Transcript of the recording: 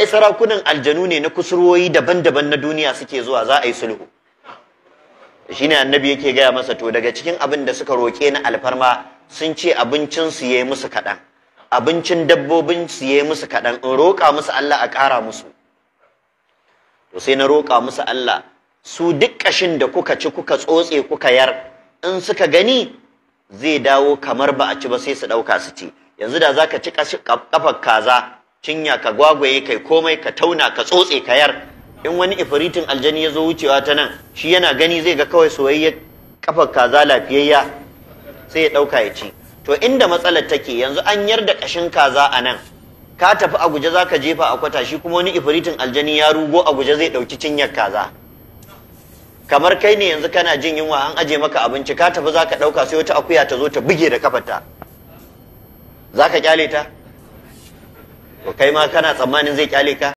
ai sarakunan aljanu ne na kusurwoyi daban-daban na duniya suke zuwa za a yi sulhu shine annabi yake gaya masa to daga cikin abin da suka roƙe na alfarma sun ce abincin su yayi musu kaɗan abincin dabbobin su yayi musu kaɗan in roƙa musu Allah a ƙara musu to sai na roƙa musu Allah su duk ƙashin da kuka ci kuka tsotse kuka yar in suka gani zai dawo kamar ba a ci ba sai su ɗauka su ci yanzu da zaka ci ƙafar kaza cinya ka gwagwaye kai komai ka tauna ka tsotse ka yar in wani ifiritin aljani ya zo wucewa ta nan shi yana gani zai ga kawai soyayya kafar kaza lafiyayya sai ya ɗauka ya ci to inda matsalar take yanzu an yar da ƙashin kaza a nan ka tafi a guje za ka jefa a kwata shi kuma wani ifiritin aljani ya rugo a guje zai ɗauki cinyar kaza kamar kai ne yanzu kana jin yunwa an aje maka abinci ka tafi za ka ɗauka sai wata akuya ta zo ta buge da kafarta za ka kyale ta to kai ma kana tsammanin zai kyale ka